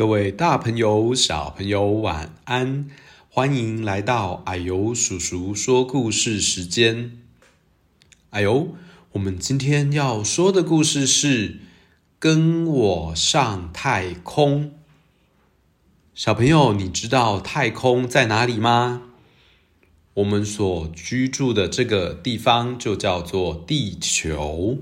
各位大朋友、小朋友，晚安！歡迎來到啊呦叔叔說故事時間。啊呦，我們今天要說的故事是《跟我上太空》。小朋友，你知道太空在哪裡嗎？我們所居住的這個地方就叫做地球。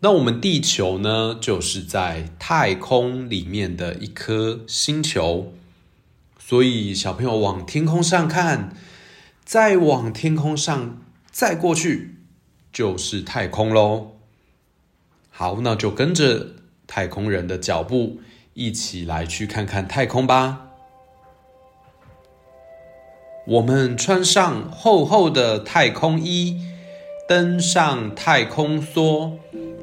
那我們地球呢，就是在太空裡面的一顆星球，所以小朋友往天空上看，再往天空上再過去，就是太空嘍。好，那就跟着太空人的腳步，一起來去看看太空吧。我們穿上厚厚的太空衣，登上太空梭，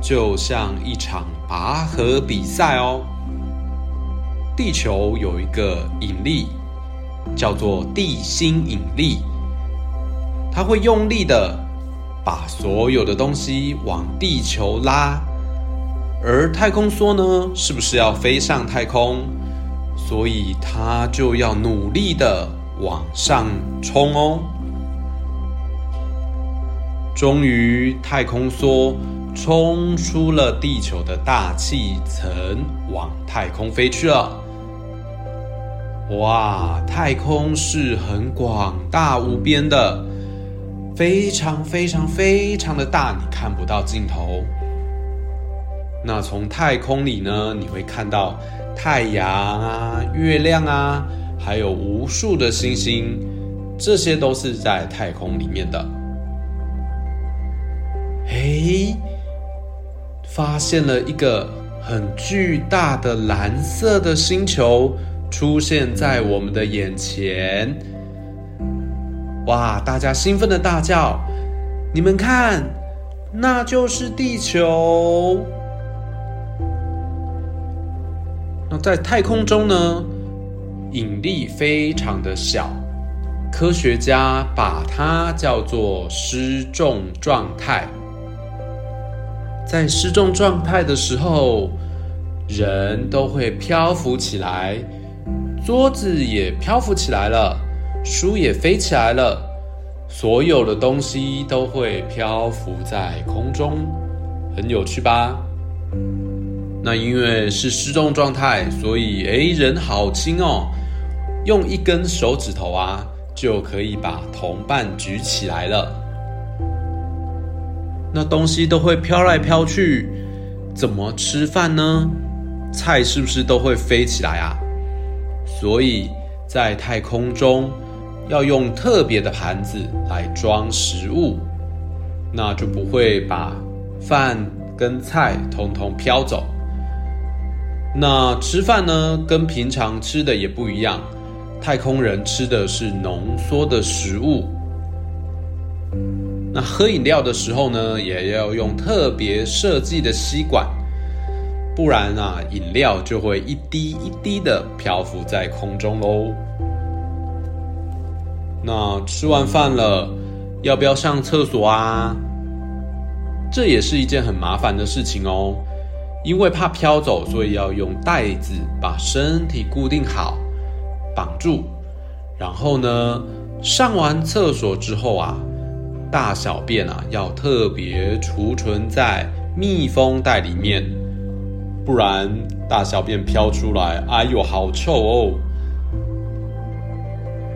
就像一場拔河比賽哦！地球有一個引力，叫做地心引力，它會用力的把所有的東西往地球拉。而太空梭呢，是不是要飛上太空？所以它就要努力的往上衝哦！終於，太空梭。衝出了地球的大氣層，往太空飛去了。哇，太空是很廣大無邊的，非常非常非常的大，你看不到盡頭。那從太空裡呢，你會看到太陽啊、月亮啊，還有無數的星星，這些都是在太空裡面的。嘿！發現了一個很巨大的藍色的星球出現在我們的眼前，哇！大家興奮的大叫：“你們看，那就是地球。”那在太空中呢，引力非常的小，科學家把它叫做失重狀態。在失重狀態的時候，人都會漂浮起來，桌子也漂浮起來了，書也飛起來了，所有的東西都會漂浮在空中，很有趣吧？那因為是失重狀態，所以誒，人好輕哦，用一根手指頭啊，就可以把同伴舉起來了。那東西都會飄來飄去，怎麼吃飯呢？菜是不是都會飛起來啊？所以，在太空中要用特別的盤子來裝食物，那就不會把飯跟菜統統飄走。那吃飯呢，跟平常吃的也不一樣，太空人吃的是濃縮的食物。喝飲料的時候呢，也要用特別設計的吸管，不然啊，飲料就會一滴一滴的漂浮在空中嘍。那吃完飯了，要不要上廁所啊？這也是一件很麻煩的事情哦，因為怕飄走，所以要用袋子把身體固定好，綁住。然後呢，上完廁所之後啊。大小便啊，要特別儲存在密封袋裡面，不然大小便飄出來，哎呦，好臭哦！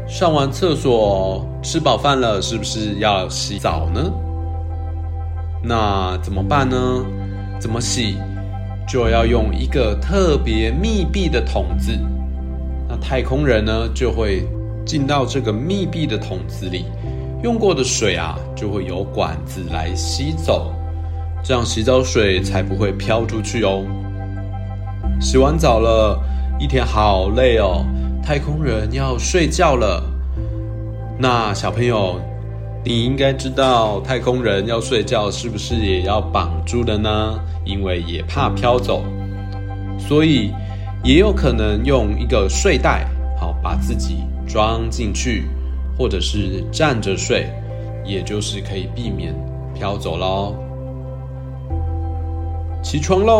上完廁所，吃飽飯了，是不是要洗澡呢？那怎麼辦呢？怎麼洗？就要用一個特別密閉的桶子。那太空人呢，就會進到這個密閉的桶子裡。用過的水啊，就會由管子來吸走，這樣洗澡水才不會飄出去哦。洗完澡了，一天好累哦，太空人要睡覺了。那小朋友，你應該知道太空人要睡覺是不是也要綁住的呢？因為也怕飄走，所以也有可能用一個睡袋，好把自己裝進去。或者是站着睡，也就是可以避免飄走嘍。起床嘍，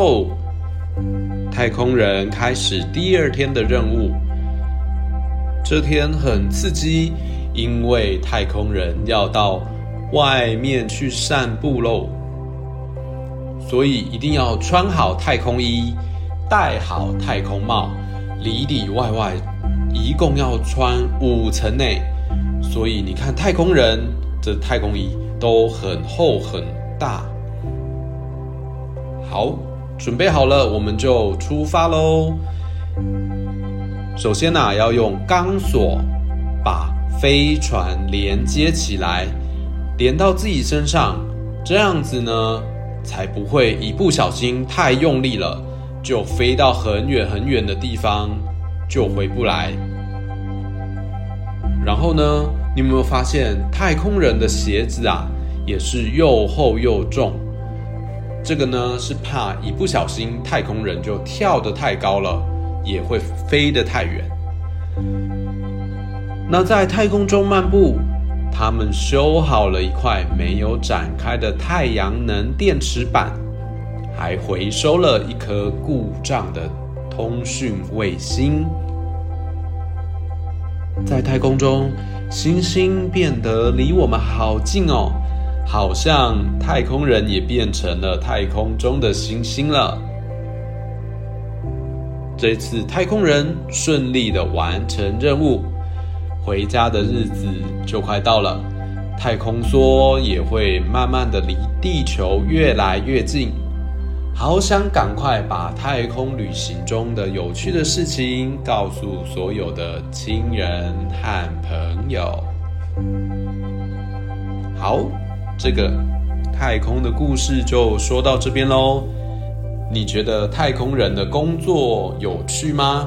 太空人開始第二天的任務。這天很刺激，因為太空人要到外面去散步嘍。所以一定要穿好太空衣，戴好太空帽，裡裡外外一共要穿五層呢。所以你看，太空人這太空衣都很厚很大。好，準備好了，我們就出發嘍。首先呢啊，要用鋼索把飛船連接起來，連到自己身上，這樣子呢，才不會一不小心太用力了，就飛到很遠很遠的地方，就回不來。然後呢，你有沒有發現太空人的鞋子啊，也是又厚又重？這個呢，是怕一不小心太空人就跳得太高了，也會飛得太遠。那在太空中漫步，他們修好了一塊沒有展開的太陽能電池板，還回收了一顆故障的通訊衛星。在太空中，星星變得離我們好近哦，好像太空人也變成了太空中的星星了。這次太空人順利的完成任務，回家的日子就快到了，太空梭也會慢慢的離地球越來越近。好想趕快把太空旅行中的有趣的事情告訴所有的親人和朋友。好，這個太空的故事就說到這邊嘍。你覺得太空人的工作有趣嗎？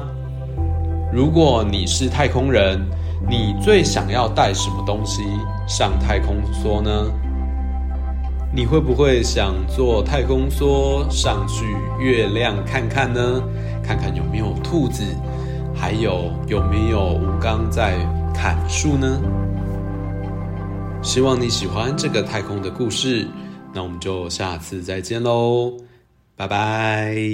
如果你是太空人，你最想要帶什麼東西上太空梭呢？你會不會想坐太空梭上去月亮看看呢？看看有沒有兔子，還有有沒有吳剛在砍樹呢？希望你喜歡這個太空的故事，那我們就下次再見嘍，拜拜！